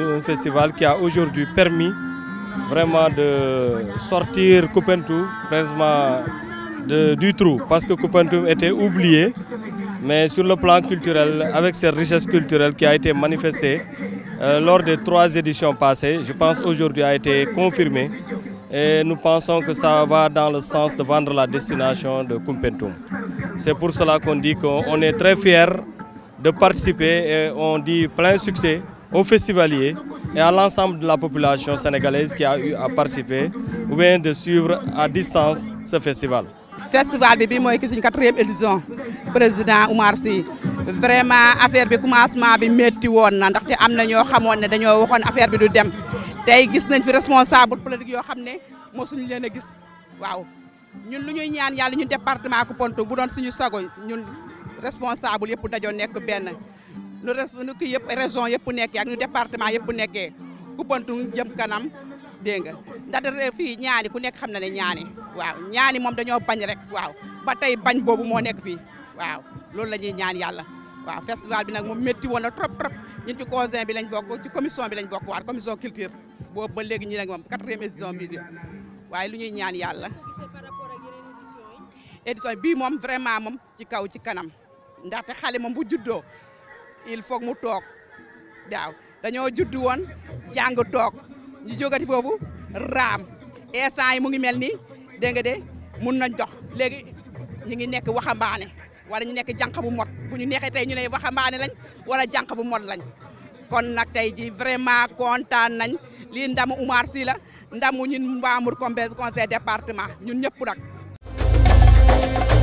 un festival qui a aujourd'hui permis vraiment de sortir de, du trou parce que Coupentouf était oublié. Mais sur le plan culturel, avec ses richesses culturelles qui a été manifestée euh, lors des trois éditions passées, je pense aujourd'hui a été confirmé Et nous pensons que ça va dans le sens de vendre la destination de Kumpentum. C'est pour cela qu'on dit qu'on est très fiers de participer et on dit plein succès aux festivaliers et à l'ensemble de la population sénégalaise qui a eu à participer ou bien de suivre à distance ce festival. festival bi bi ki quatrième édition président Oumar Sy vraiment affaire bi commencement bi métti woon na ndaxte am na ñoo xamoon ne dañoo affaire bi du dem tey gis nañ fi responsable politique yoo xam ne mosuñ leen a gis waaw ñun lu ñuy ñaan yàlla ñun département les bu doon suñu sago ñun responsable nu res nu ki yëpp région yëpp nekkee ak nu département yëpp nekkee Koupantoum jëm kanam dégg nga ndax fii ñaani ku nekk xam na ne ñaani waaw ñaani moom dañoo bañ rek waaw ba tey bañ boobu moo nekk fii waaw loolu la ñuy ñaan yàlla waaw festival bi nag moom metti woon na trop trop ñun ci cousin bi lañ bokk ci commission bi lañ bokk waat commission culture boobu ba léegi ñu ne moom quatrième édition bi waaye lu ñuy ñaan yàlla bii moom vraiment moom ci kaw ci kanam ndaxte xale moom bu juddoo il faut mu toog daaw dañoo judd woon jàng toog ñu jógati foofu raam instant yi mu ngi mel ni dégg nga de mun nañ dox léegi ñu ngi nekk waxambaane wala ñu nekk jànq bu mot bu ñu neexee tey ñu ne waxambaane lañ wala jànq bu mot lañ kon nag tey ji vraiment kontaan nañ lii ndamu Umar Sy la ndamu ñun Mbamour comme conseil département ñun ñëpp nag.